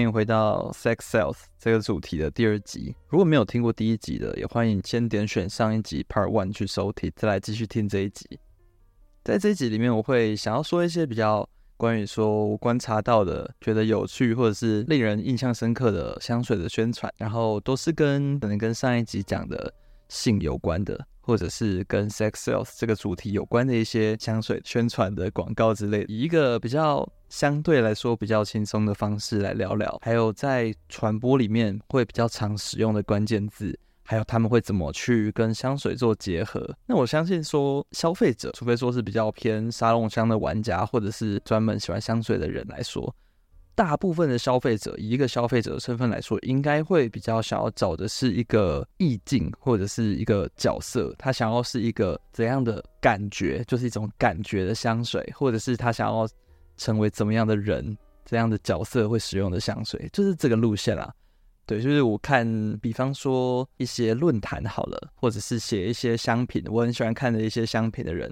歡迎回到 Sex Sells 這個主題的第二集。如果沒有聽過第一集的，也歡迎先點選上一集 Part One 去收聽，再來繼續聽這一集。在這一集裡面，我會想要說一些比較關於說觀察到的、覺得有趣或者是令人印象深刻的香水的宣傳，然後都是跟可能跟上一集講的。性有關的，或者是跟 sex sells 這個主題有關的一些香水宣傳的廣告之類的，以一個比較相對來說比較輕鬆的方式來聊聊，還有在傳播裡面會比較常使用的關鍵字，還有他們會怎麼去跟香水做結合。那我相信說，消費者，除非說是比較偏沙龍香的玩家，或者是專門喜歡香水的人來說，大部分的消費者以一個消費者的身份來說，應該會比較想要找的是一個意境或者是一個角色，他想要是一個怎樣的感覺，就是一種感覺的香水，或者是他想要成為怎麼樣的人、怎樣的角色會使用的香水，就是這個路線啦、啊。對，就是我看，比方說一些論壇好了，或者是寫一些香品，我很喜歡看的一些香品的人，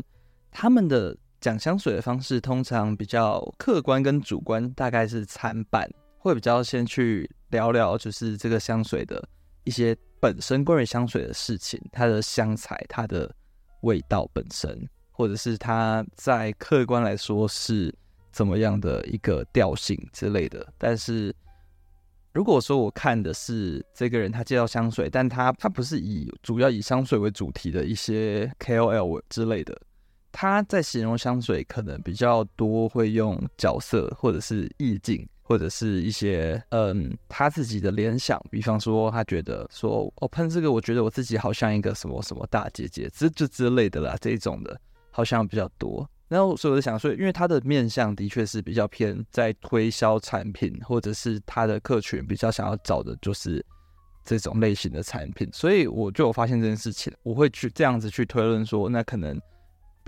他們的。講香水的方式通常比較客觀跟主觀，大概是參半。會比較先去聊聊，就是這個香水的一些本身關於香水的事情，它的香材、它的味道本身，或者是它在客觀來說是怎麼樣的一個調性之類的。但是如果說我看的是這個人他介紹香水，但他他不是以主要以香水為主題的一些 KOL 之類的。他在形容香水，可能比較多會用角色，或者是意境，或者是一些嗯，他自己的聯想。比方說，他覺得說，我噴這個，我覺得我自己好像一個什麼什麼大姐姐，這這之，之類的啦，這種的好像比較多。然後所以我，所以我就想說，因為他的面相的確是比較偏在推銷產品，或者是他的客群比較想要找的就是這種類型的產品，所以我就有發現這件事情。我會去這樣子去推論說，那可能。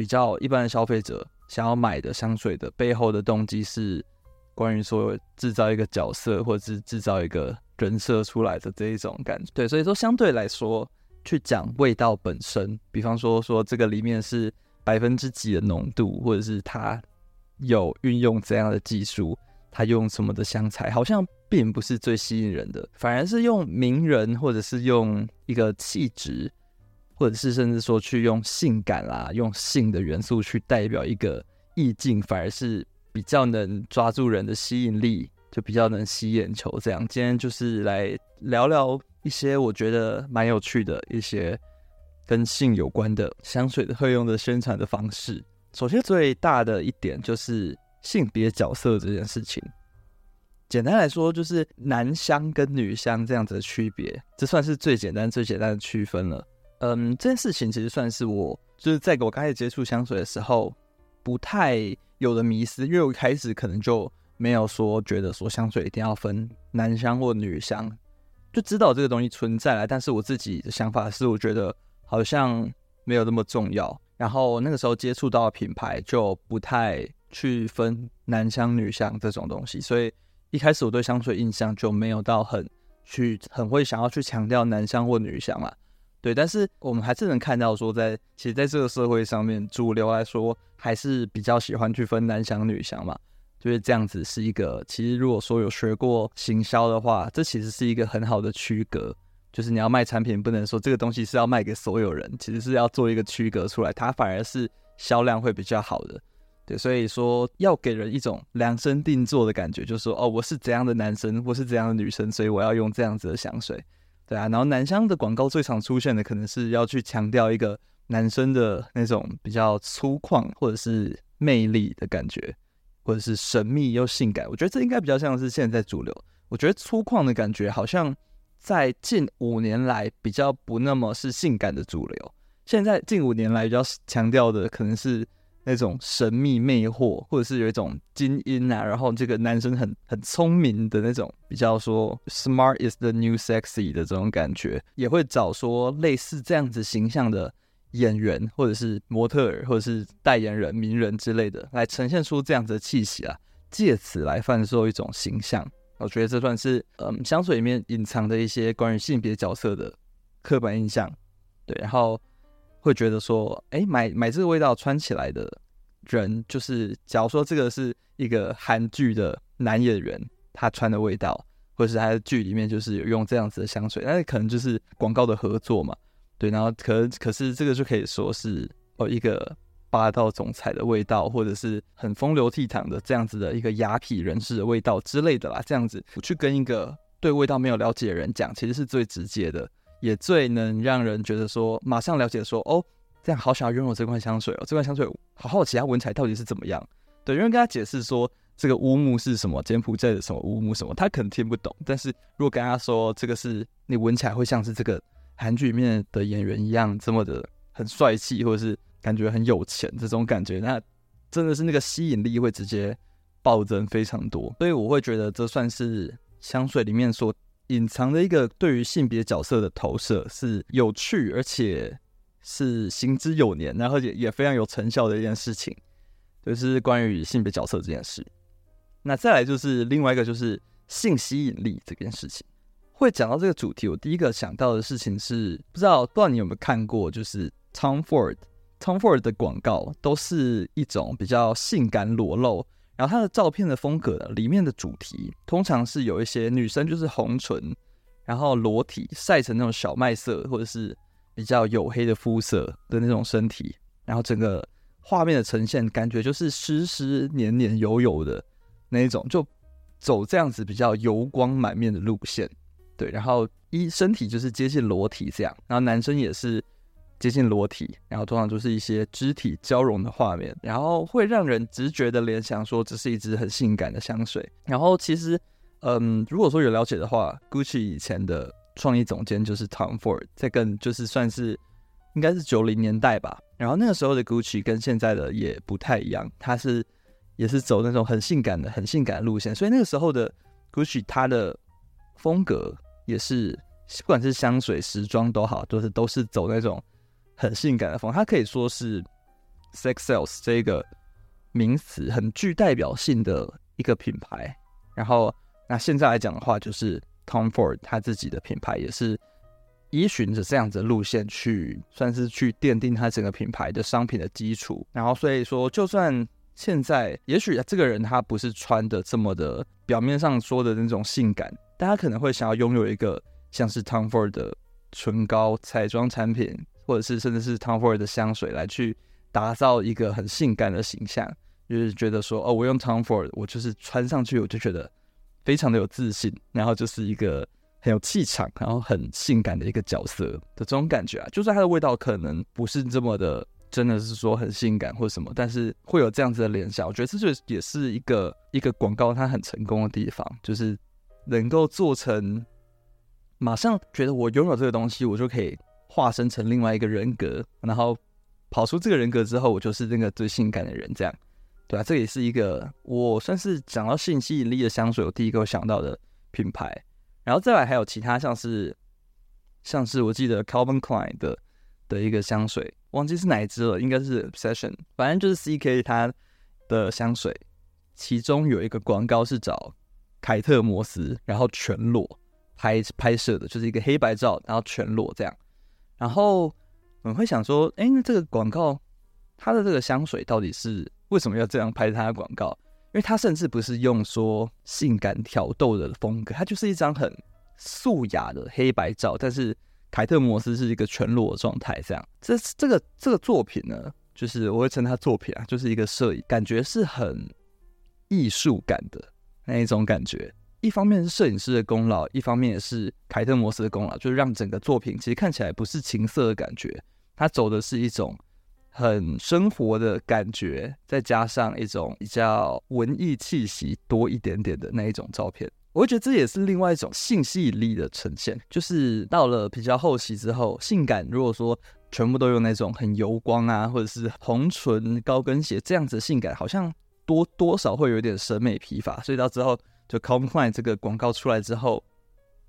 比較一般的消費者想要買的香水的背後的動機是關於說制造一個角色或者是制造一個人設出來的這一種感覺。對，所以說相對來說去講味道本身，比方說說這個裡面是百分之幾的濃度，或者是它有運用怎樣的技術，它用什麼的香材，好像並不是最吸引人的，反而是用名人或者是用一個氣質。或者是甚至說去用性感啦、啊，用性的元素去代表一個意境，反而是比較能抓住人的吸引力，就比較能吸眼球這樣。今天就是來聊聊一些我覺得蠻有趣的一些跟性有關的香水的會用的宣傳的方式。首先，最大的一點就是性別角色這件事情。簡單來說，就是男香跟女香這樣子的區別，這算是最簡單、最簡單的區分了。嗯，這件事情其實算是我就是在給我剛開始接觸香水的時候，不太有的迷思，因為我一開始可能就沒有說覺得說香水一定要分男香或女香，就知道這個東西存在了。但是我自己的想法是，我覺得好像沒有那麼重要。然後那個時候接觸到的品牌，就不太去分男香女香這種東西，所以一開始我對香水印象就沒有到很去很會想要去強調男香或女香嘛。對，但是我們還是能看到說在，在其實在這個社會上面，主流來說還是比較喜歡去分男香女香嘛，就是這樣子是一個。其實如果說有學過行銷的話，這其實是一個很好的區隔，就是你要賣產品，不能說這個東西是要賣給所有人，其實是要做一個區隔出來，它反而是銷量會比較好的。對，所以說要給人一種量身定做的感覺，就是說哦，我是怎樣的男生，我是怎樣的女生，所以我要用這樣子的香水。對啊，然後男香的廣告最常出現的可能是要去強調一個男生的那種比較粗獷或者是魅力的感覺，或者是神秘又性感。我覺得這應該比較像是現在主流。我覺得粗獷的感覺好像在近五年來比較不那麼是性感的主流。現在近五年來比較強調的可能是。那種神秘魅惑，或者是有一種精英啊，然後這個男生很很聰明的那種，比較說 smart is the new sexy 的這種感覺，也會找說類似這樣子形象的演員，或者是模特兒，或者是代言人、名人之類的，來呈現出這樣子的氣息啊，借此來販售一種形象。我覺得這算是，嗯，香水裡面隱藏的一些關於性別角色的刻板印象，對，然後。會覺得說，哎，買買這個味道穿起來的人，就是假如說這個是一個韓劇的男演員，他穿的味道，或者是他的劇裡面就是有用這樣子的香水，那可能就是廣告的合作嘛，對。然後可可是這個就可以說是，哦，一個霸道總裁的味道，或者是很風流倜儻的這樣子的一個雅痞人士的味道之類的啦，這樣子去跟一個對味道沒有了解的人講，其實是最直接的。也最能讓人覺得說，馬上了解說，哦，這樣好想要擁有這款香水哦，這款香水好好奇它聞起來到底是怎麼樣。對，因為跟他解釋說這個烏木是什麼，柬埔寨的什麼烏木什麼，他可能聽不懂。但是如果跟他說這個是你聞起來會像是這個韓劇裡面的演員一樣，這麼的很帥氣，或者是感覺很有錢這種感覺，那真的是那個吸引力會直接暴增非常多。所以我會覺得這算是香水裡面說。隱藏的一個對於性別角色的投射，是有趣，而且是行之有年，然後也、也非常有成效的一件事情，就是關於性別角色這件事。那再來就是另外一個，就是性吸引力這件事情。會講到這個主題，我第一個想到的事情是，不知道段你有沒有看過，就是 Tom Ford Tom Ford 的廣告都是一種比較性感裸露。然後他的照片的風格呢，裡面的主題通常是有一些女生就是紅唇，然後裸體曬成那種小麥色或者是比較黝黑的膚色的那種身體，然後整個畫面的呈現感覺就是濕濕黏黏油油的那一種，就走這樣子比較油光滿面的路線，對，然後一身體就是接近裸體這樣，然後男生也是。接近裸體，然後通常就是一些肢體交融的畫面，然後會讓人直覺的聯想說這是一支很性感的香水。然後其實，嗯，如果說有了解的話，Gucci 以前的創意總監就是 Tom Ford，這個就是算是應該是九零年代吧。然後那個時候的 Gucci 跟現在的也不太一樣，它是也是走那種很性感的、很性感的路線。所以那個時候的 Gucci，它的風格也是不管是香水、時裝都好，就是都是走那種。很性感的風，它可以說是 “sex sells” 這個名詞很具代表性的一個品牌。然後，那現在來講的話，就是 Tom Ford 他自己的品牌也是依循着這樣子的路線去，算是去奠定他整個品牌的商品的基礎。然後，所以說，就算現在也許這個人他不是穿的這麼的表面上說的那種性感，大家可能會想要擁有一個像是 Tom Ford 的唇膏、彩妝產品。或者是甚至是湯 r d 的香水來去打造一個很性感的形象，就是覺得說哦，我用湯 r d 我就是穿上去我就覺得非常的有自信，然後就是一個很有氣場，然後很性感的一個角色的這種感覺啊。就算它的味道可能不是這麼的，真的是說很性感或者什麼，但是會有這樣子的聯想。我覺得這就也是一個一個廣告，它很成功的地方，就是能夠做成馬上覺得我擁有這個東西，我就可以。化身成另外一個人格，然後跑出這個人格之後，我就是那個最性感的人，這樣，對啊，這也是一個我算是講到性吸引力的香水，我第一個想到的品牌。然後再來還有其他像是，像是我記得 Calvin Klein 的的一個香水，忘記是哪一支了，應該是 Obsession，反正就是 CK 它的香水。其中有一個廣告是找凱特·摩斯，然後全裸拍拍攝的，就是一個黑白照，然後全裸這樣。然後我們會想說，哎，那這個廣告，他的這個香水到底是為什麼要這樣拍他的廣告？因為他甚至不是用說性感挑逗的風格，他就是一張很素雅的黑白照。但是凱特摩斯是一個全裸的狀態這樣。這這個這個作品呢，就是我會稱它作品啊，就是一個攝影，感覺是很藝術感的那一種感覺。一方面是攝影師的功勞，一方面也是凱特·摩斯的功勞，就是讓整個作品其實看起來不是情色的感覺，它走的是一種很生活的感覺，再加上一種比較文藝氣息多一點點的那一種照片，我會覺得這也是另外一種性吸引力的呈現。就是到了比較後期之後，性感如果說全部都用那種很油光啊，或者是紅唇、高跟鞋這樣子的性感，好像多多少會有點審美疲乏，所以到之後。就 Calvin Klein 這個廣告出來之後，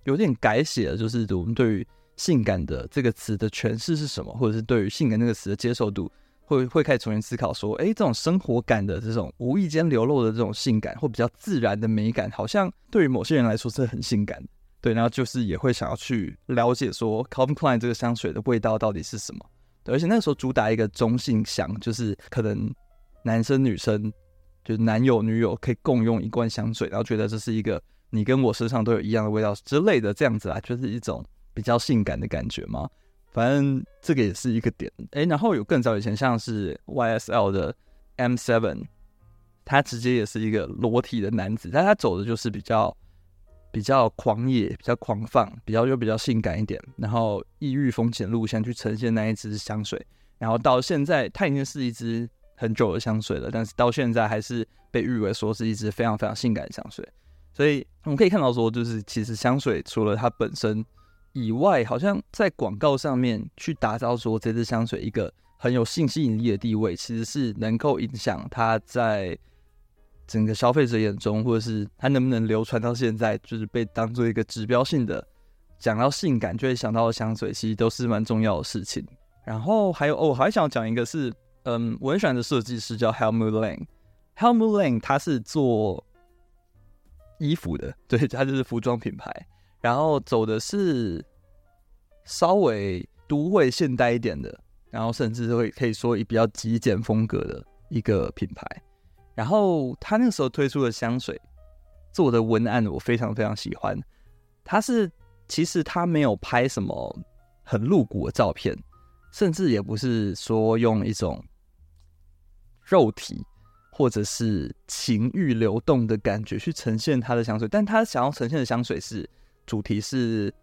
有點改寫了，就是我們對於“性感”的這個詞的詮釋是什麼，或者是對於“性感”那個詞的接受度，會會開始重新思考說，哎，這種生活感的這種無意間流露的這種性感，或比較自然的美感，好像對於某些人來說是很性感的。對，然後就是也會想要去了解說，Calvin Klein 這個香水的味道到底是什麼。對，而且那個時候主打一個中性香，就是可能男生女生。就是男友女友可以共用一罐香水，然後覺得這是一個你跟我身上都有一樣的味道之類的這樣子啊，就是一種比較性感的感覺嘛。反正這個也是一個點。誒，然後有更早以前像是 YSL 的 M7，他直接也是一個裸體的男子，但他走的就是比較比較狂野，比較狂放，比較又比較性感一點，然後異域風情路線去呈現那一支香水。然後到現在，他已經是一支很久的香水了，但是到現在還是被譽為說是一支非常非常性感的香水，所以我們可以看到說，就是其實香水除了它本身以外，好像在廣告上面去打造說，這支香水一個很有性吸引力的地位，其實是能夠影響它在整個消費者眼中，或者是它能不能流傳到現在，就是被當做一個指標性的，講到性感就會想到的香水，其實都是蠻重要的事情。然後還有，哦，我還想講一個是。嗯、um，我很喜歡的設計師叫 Helmut Lang。Helmut Lang 他是做衣服的，對，他就是服裝品牌，然後走的是稍微都會現代一點的，然後甚至會可以說以比較極簡風格的一個品牌。然後他那個時候推出的香水做的文案我非常非常喜歡。他是其實他沒有拍什麼很露骨的照片。甚至也不是說用一種肉體或者是情慾流動的感覺去呈現他的香水，但他想要呈現的香水是主題是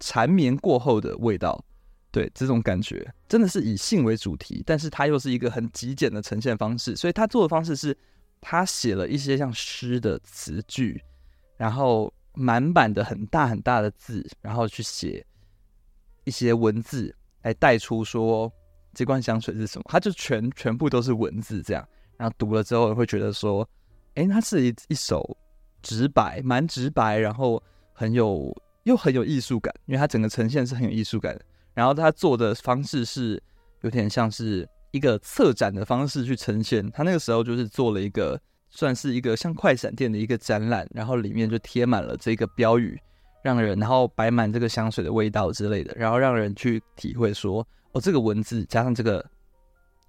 纏綿過後的味道，對，這種感覺真的是以性為主題，但是他又是一個很極簡的呈現方式，所以他做的方式是他寫了一些像詩的詞句，然後滿版的很大很大的字，然後去寫一些文字。還帶出說這罐香水是什麼，它就全全部都是文字這樣，然後讀了之後會覺得說，誒、欸，它是一一首直白，蠻直白，然後很有又很有藝術感，因為它整個呈現是很有藝術感的。然後他做的方式是有點像是一個策展的方式去呈現，他那個時候就是做了一個算是一個像快閃店的一個展覽，然後裡面就貼滿了這個標語。讓人，然後擺滿這個香水的味道之類的，然後讓人去體會說，哦，這個文字加上這個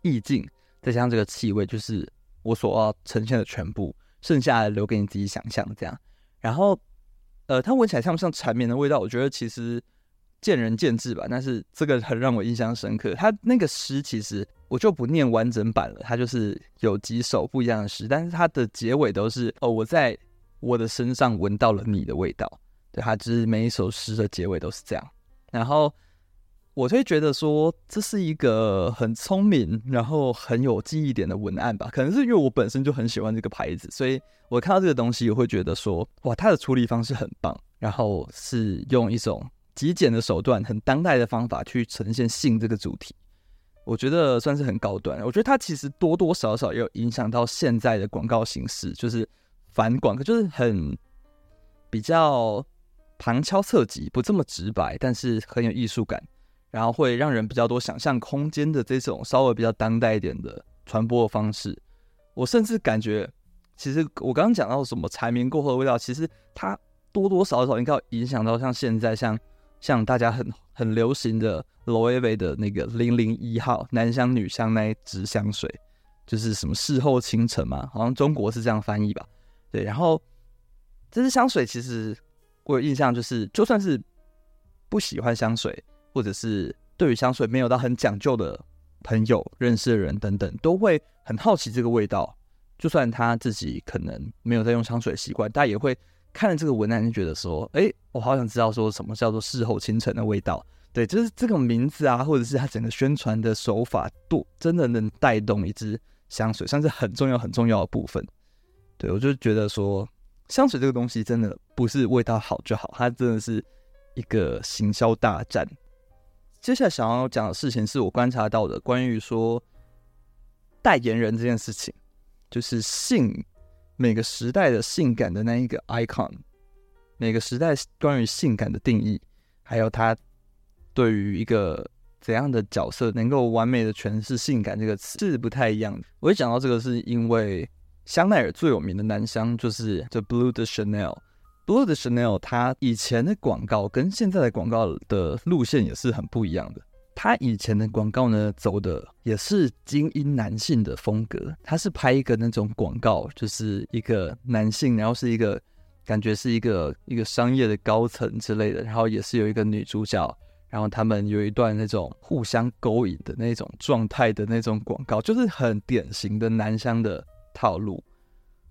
意境，再加上這個氣味，就是我所要呈現的全部，剩下來留給你自己想象這樣，然後，呃，它聞起來像不像纏綿的味道？我覺得其實見仁見智吧。但是這個很讓我印象深刻。它那個詩，其實我就不念完整版了，它就是有幾首不一樣的詩，但是它的結尾都是，哦，我在我的身上聞到了你的味道。它就是每一首詩的結尾都是這樣，然後我就會覺得說這是一個很聰明，然後很有記憶點的文案吧。可能是因為我本身就很喜歡這個牌子，所以我看到這個東西，我會覺得說，哇，他的處理方式很棒，然後是用一種極簡的手段，很當代的方法去呈現性這個主題。我覺得算是很高端。我覺得他其實多多少少也有影響到現在的廣告形式，就是反廣告，就是很比較。旁敲側擊，不這麼直白，但是很有藝術感，然後會讓人比較多想象空間的這種稍微比較當代一點的傳播的方式。我甚至感覺，其實我剛剛講到什麼纏綿過後的味道，其實它多多少少應該要影響到像現在像像大家很很流行的 Loewe 的那個零零一號男香女香那支香水，就是什麼事後清晨嘛，好像中國是這樣翻譯吧？對，然後這支香水其實。我有印象，就是就算是不喜歡香水，或者是對於香水沒有到很講究的朋友、認識的人等等，都會很好奇這個味道。就算他自己可能沒有在用香水習慣，他也會看了這個文案，就覺得說：“哎、欸，我好想知道說什麼叫做事後清晨的味道。”對，就是這個名字啊，或者是他整個宣傳的手法都真的能帶動一支香水，算是很重要很重要的部分。對，我就覺得說。香水這個東西真的不是味道好就好，它真的是一個行銷大戰。接下來想要講的事情是我觀察到的關於說代言人這件事情，就是性，每個時代的性感的那一個 icon，每個時代關於性感的定義，還有它對於一個怎樣的角色能夠完美的詮釋性感這個詞是不太一樣的。我也講到這個是因為。香奈兒最有名的男香就是 Bleu de Chanel、Bleu de Chanel，它以前的廣告跟現在的廣告的路線也是很不一樣的。它以前的廣告呢，走的也是精英男性的風格，它是拍一個那種廣告，就是一個男性，然後是一個感覺是一個一個商業的高層之類的，然後也是有一個女主角，然後他們有一段那種互相勾引的那種狀態的那種廣告，就是很典型的男香的。套路，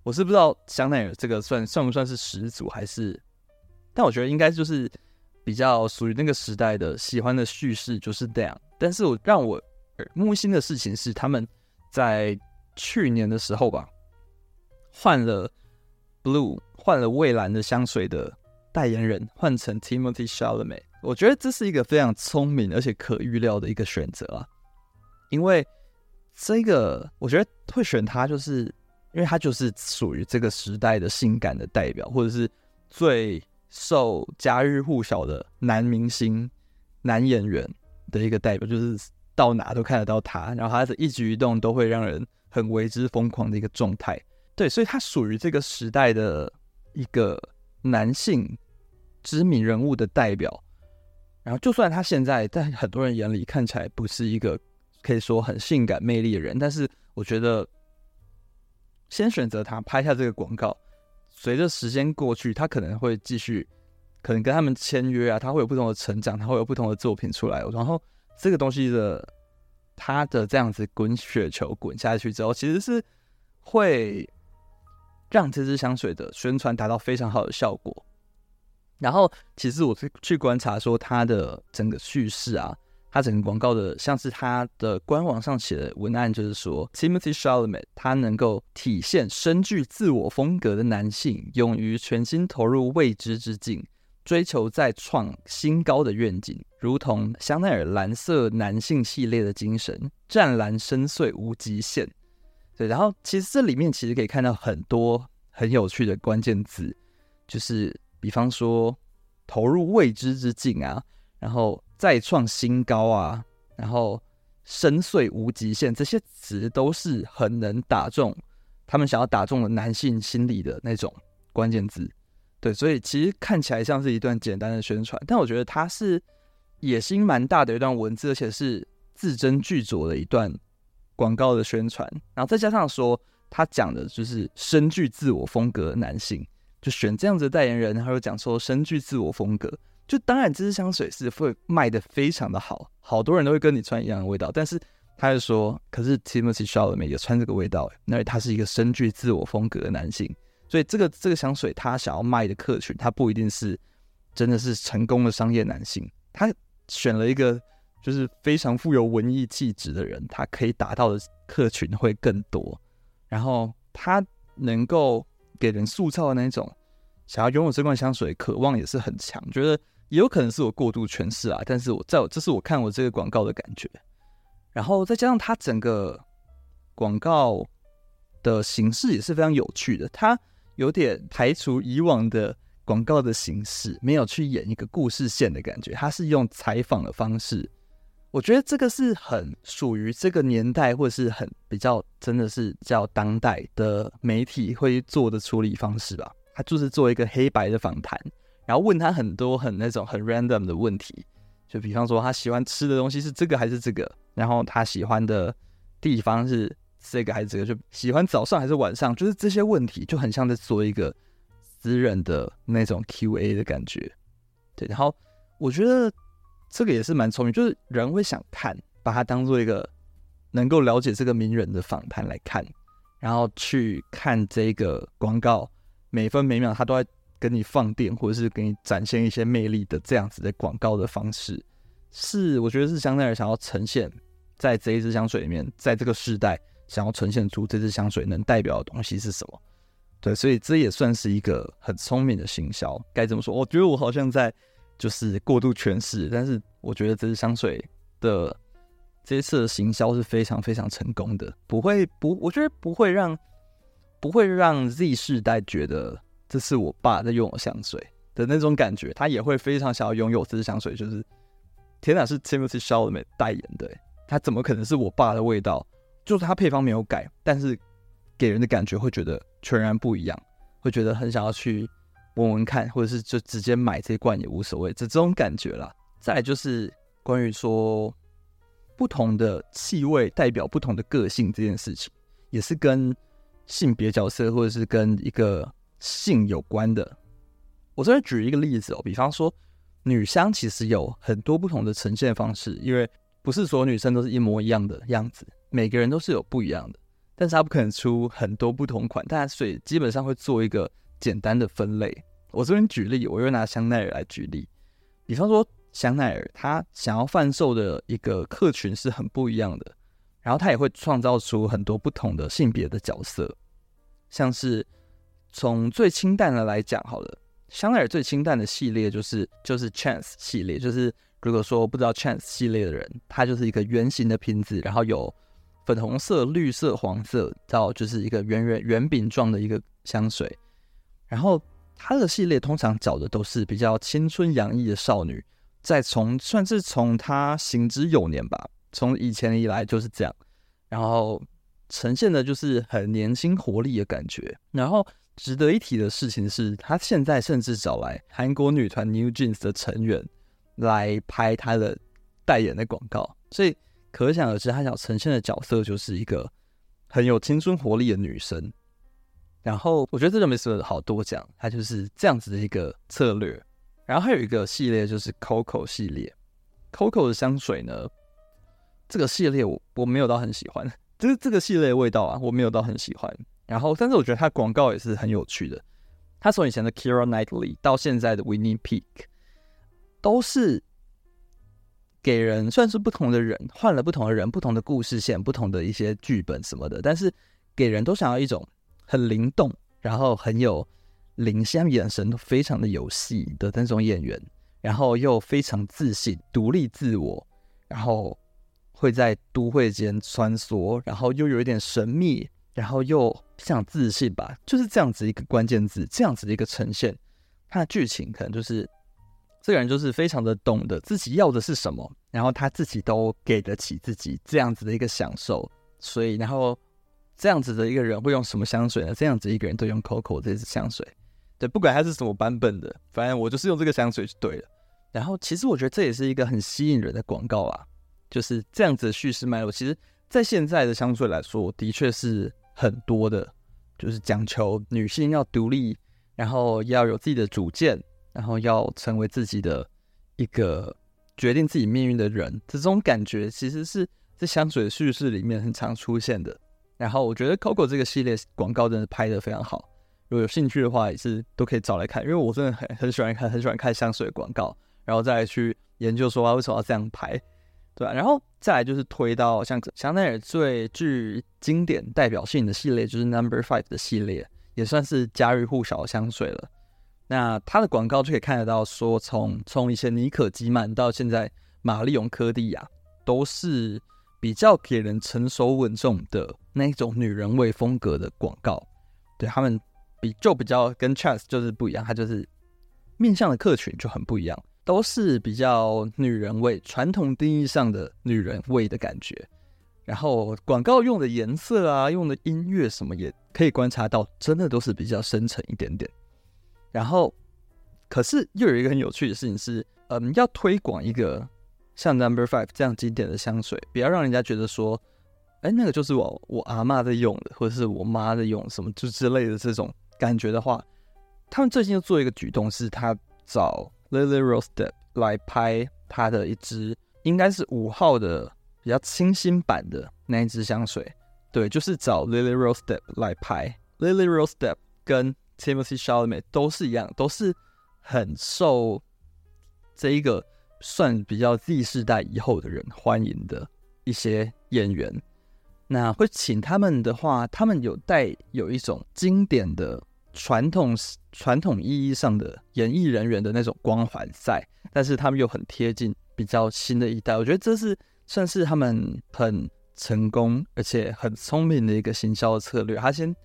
我是不知道香奈兒這個算算不算是始祖還是，但我覺得應該就是比較屬於那個時代的喜歡的敘事就是這樣。但是我讓我木心的事情是，他們在去年的時候吧，換了 blue 換了蔚藍的香水的代言人換成 Timothy Chalamet 我覺得這是一個非常聰明而且可預料的一個選擇啊，因為這個我覺得會選他就是。因為他就是屬於這個時代的性感的代表，或者是最受家喻戶曉的男明星、男演員的一個代表，就是到哪都看得到他，然後他的一舉一動都會讓人很為之瘋狂的一個狀態。對，所以他屬於這個時代的一個男性知名人物的代表。然後，就算他現在在很多人眼裡看起來不是一個可以說很性感魅力的人，但是我覺得。先選擇他拍下這個廣告，隨着時間過去，他可能會繼續，可能跟他們簽約啊，他會有不同的成長，他會有不同的作品出來，然後這個東西的他的這樣子滾雪球滾下去之後，其實是會讓這支香水的宣傳達到非常好的效果。然後，其實我是去觀察說它的整個敘事啊。他整個廣告的像是他的官網上寫的文案，就是說，Timothée Chalamet，他能夠體現深具自我風格的男性，勇於全心投入未知之境，追求再創新高的願景，如同香奈兒藍色男性系列的精神，湛藍深邃無極限。對，然後其實這裡面其實可以看到很多很有趣的關鍵詞，就是比方說投入未知之境啊，然後。再創新高啊，然後深邃無極限，這些詞都是很能打中他們想要打中的男性心理的那種關鍵字。對，所以其實看起來像是一段簡單的宣傳，但我覺得它是野心蠻大的一段文字，而且是字斟句酌的一段廣告的宣傳。然後再加上說他講的就是深具自我風格的男性，就選這樣子的代言人，他又講說深具自我風格。就當然，這支香水是會賣的非常的好，好多人都會跟你穿一樣的味道。但是，他就說，可是 Timothée Chalamet 也穿這個味道，因為他是一個深具自我風格的男性，所以這個這個香水他想要賣的客群，他不一定是真的是成功的商業男性。他選了一個就是非常富有文藝氣質的人，他可以達到的客群會更多，然後他能夠給人塑造的那種想要擁有這款香水渴望也是很強，覺得。也有可能是我過度詮釋啊，但是我在我，這是我看我這個廣告的感覺，然後再加上它整個廣告的形式也是非常有趣的，它有點排除以往的廣告的形式，沒有去演一個故事線的感覺，它是用採訪的方式，我覺得這個是很屬於這個年代，或者是很比較真的是叫當代的媒體會做的處理方式吧，它就是做一個黑白的訪談。然後問他很多很那種很 random 的問題，就比方說他喜歡吃的東西是這個還是這個，然後他喜歡的地方是這個還是這個，就喜歡早上還是晚上，就是這些問題就很像在做一個私人的那種 Q&A 的感覺。對，然後我覺得這個也是蠻聰明，就是人會想看，把它當做一個能夠了解這個名人的訪談來看，然後去看這個廣告，每分每秒他都在。跟你放電，或者是給你展現一些魅力的這樣子的廣告的方式，是我覺得是香奈兒想要呈現在這一支香水裡面，在這個世代想要呈現出這支香水能代表的東西是什麼？對，所以這也算是一個很聰明的行銷。該怎麼說？我覺得我好像在就是過度詮釋，但是我覺得這支香水的這一次的行銷是非常非常成功的，不會不，我覺得不會讓不會讓 Z 世代覺得。這是我爸在用的香水的那種感覺，他也會非常想要擁有這支香水。就是，天哪，是 Timothée Chalamet 的代言的，他怎麼可能是我爸的味道？就是他配方沒有改，但是給人的感覺會覺得全然不一樣，會覺得很想要去聞聞看，或者是就直接買這罐也無所謂。這這種感覺啦。再來就是關於說不同的氣味代表不同的個性這件事情，也是跟性別角色或者是跟一個。性有關的，我這邊舉一個例子哦，比方說，女香其實有很多不同的呈現方式，因為不是所有女生都是一模一樣的樣子，每個人都是有不一樣的，但是她不可能出很多不同款，但是所以基本上會做一個簡單的分類。我這邊舉例，我又拿香奈兒來舉例，比方說香奈兒，她想要販售的一個客群是很不一樣的，然後她也會創造出很多不同的性別的角色，像是。從最清淡的來講，好了，香奈兒最清淡的系列就是就是 Chance 系列。就是如果說不知道 Chance 系列的人，它就是一個圓形的瓶子，然後有粉紅色、綠色、黃色，到就是一個圓圓圓餅狀的一個香水。然後它的系列通常找的都是比較青春洋溢的少女，再從算是從她行之有年吧，從以前以來就是這樣，然後呈現的就是很年輕活力的感覺，然後。值得一提的事情是，他現在甚至找來韓國女團 New Jeans 的成員來拍他的代言的廣告，所以可想而知，他想呈現的角色就是一個很有青春活力的女生。然後，我覺得這個沒什麼好多講，它就是這樣子的一個策略。然後還有一個系列就是 Coco 系列，Coco 的香水呢，這個系列我我沒有到很喜歡，就是這個系列的味道啊，我沒有到很喜歡。然後，但是我覺得他的廣告也是很有趣的。他從以前的 Keira Knightley 到現在的 Whitney Peak，都是給人算是不同的人，換了不同的人，不同的故事線，不同的一些劇本什麼的。但是給人都想要一種很靈動，然後很有靈性眼神都非常的有戲的那種演員。然後又非常自信、獨立自我，然後會在都會間穿梭，然後又有一點神秘。然後又非常自信吧，就是這樣子一個關鍵字，這樣子的一個呈現，他的劇情可能就是這個人就是非常的懂得自己要的是什麼，然後他自己都給得起自己這樣子的一個享受，所以然後這樣子的一個人會用什麼香水呢？這樣子一個人都用 COCO 這支香水，對，不管它是什麼版本的，反正我就是用這個香水是對的。然後其實我覺得這也是一個很吸引人的廣告啊，就是這樣子的敘事脈絡，其實在現在的香水來說，的確是。很多的，就是講求女性要獨立，然後要有自己的主見，然後要成為自己的一個決定自己命運的人。這種感覺其實是在香水的敘事裡面很常出現的。然後我覺得 Coco 這個系列廣告真的拍得非常好，如果有興趣的話也是都可以找來看，因為我真的很很喜歡看很喜歡看香水廣告，然後再去研究說啊為什麼要這樣拍？對啊，然後再來就是推到像香奈兒最具經典代表性的系列，就是 Number Five 的系列，也算是家喻戶曉的香水了。那它的廣告就可以看得到，說從從以前妮可基曼到現在瑪麗永科蒂亞，都是比較給人成熟穩重的那一種女人味風格的廣告。對，他們比就比較跟 Chance 就是不一樣，它就是面向的客群就很不一樣。都是比較女人味，傳統定義上的女人味的感覺。然後廣告用的顏色啊，用的音樂什麼，也可以觀察到，真的都是比較深沉一點點。然後，可是又有一個很有趣的事情是，嗯，要推廣一個像 Number Five 這樣經典的香水，不要讓人家覺得說，哎，那個就是我我阿嬤在用的，或者是我媽在用的什麼之之類的這種感覺的話，他們最近又做一個舉動，是他找。Lily Rose Depp 來拍他的一支，應該是五號的比較清新版的那一支香水。對，就是找 Lily Rose Depp 來拍。Lily Rose Depp 跟 Timothée Chalamet 都是一樣，都是很受這一個算比較 Z 世代以後的人歡迎的一些演員。那會請他們的話，他們有帶有一種經典的。傳統傳統意義上的演藝人員的那種光環在，但是他們又很貼近比較新的一代，我覺得這是算是他們很成功而且很聰明的一個行銷策略。他先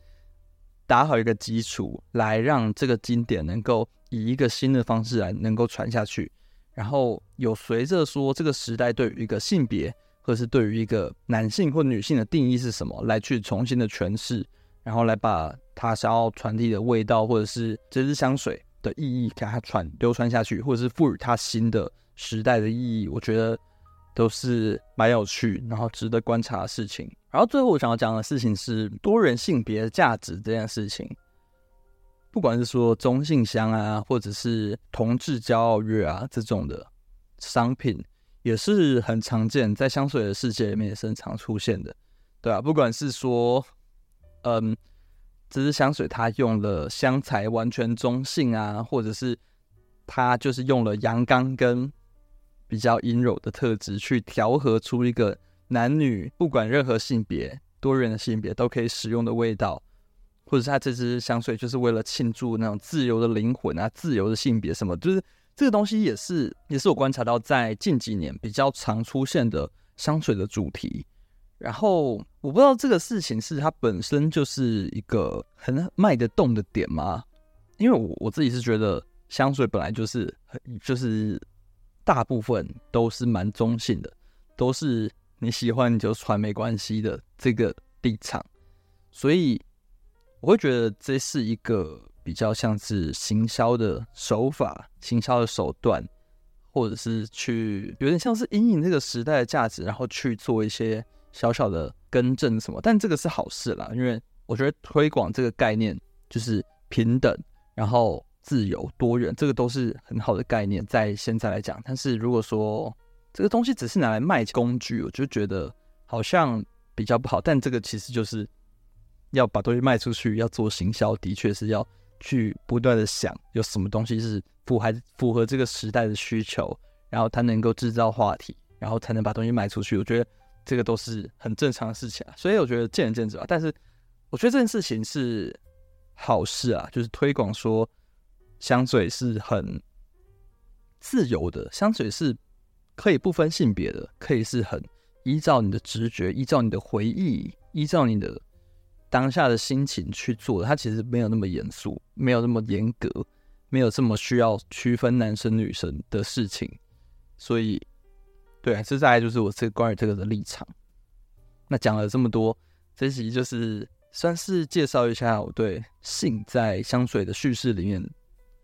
打好一個基礎，來讓這個經典能夠以一個新的方式來能夠傳下去，然後有隨着說這個時代對於一個性別或者是對於一個男性或女性的定義是什麼，來去重新的詮釋。然後來把他想要傳遞的味道，或者是這支香水的意義給它傳流傳下去，或者是賦予它新的時代的意義，我覺得都是蠻有趣，然後值得觀察的事情。然後最後我想要講的事情是多元性別的價值這件事情，不管是說中性香啊，或者是同志驕傲月啊這種的商品，也是很常見，在香水的世界裡面也是常出現的，對啊，不管是說。嗯，這支香水它用了香材完全中性啊，或者是它就是用了陽剛跟比較陰柔的特質去調和出一個男女，不管任何性別，多元的性別都可以使用的味道，或者是他這支香水就是為了慶祝那種自由的靈魂啊，自由的性別什麼，就是這個東西也是也是我觀察到在近幾年比較常出現的香水的主題。然後我不知道這個事情是它本身就是一個很賣得動的點嗎？因為我我自己是覺得香水本來就是很就是大部分都是蠻中性的，都是你喜歡你就穿沒關係的這個立場，所以我會覺得這是一個比較像是行銷的手法、行銷的手段，或者是去有點像是引領這個時代的價值，然後去做一些。小小的更正什麼，但這個是好事啦，因為我覺得推廣這個概念就是平等，然後自由、多元，這個都是很好的概念，在現在來講。但是如果說這個東西只是拿來賣工具，我就覺得好像比較不好。但這個其實就是要把東西賣出去，要做行銷，的確是要去不斷的想有什麼東西是符合符合這個時代的需求，然後它能夠製造話題，然後才能把東西賣出去。我覺得。這個都是很正常的事情啊，所以我覺得見仁見智吧。但是，我覺得這件事情是好事啊，就是推廣說香水是很自由的，香水是可以不分性別的，可以是很依照你的直覺、依照你的回憶、依照你的當下的心情去做的。它其實沒有那麼嚴肅，沒有那麼嚴格，沒有這麼需要區分男生女生的事情，所以。對，這大概就是我這個關於這個的立場。那講了這麼多，這集就是算是介紹一下我對性在香水的敘事裡面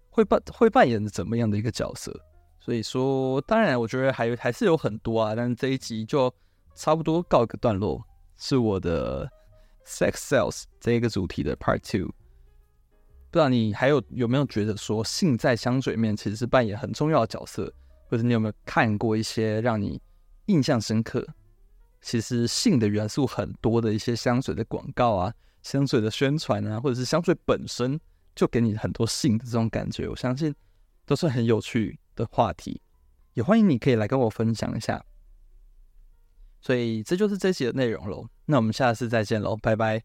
會扮會扮演怎麼樣的一個角色。所以說，當然我覺得還有還是有很多啊，但是這一集就差不多告一個段落，是我的 sex sells 這一個主題的 part two。不知道你還有有沒有覺得說性在香水面其實是扮演很重要的角色？或者你有沒有看過一些讓你印象深刻、其實性的元素很多的一些香水的廣告啊、香水的宣傳啊，或者是香水本身就給你很多性的這種感覺？我相信都是很有趣的話題，也歡迎你可以來跟我分享一下。所以這就是這集的內容嘍，那我們下次再見嘍，拜拜。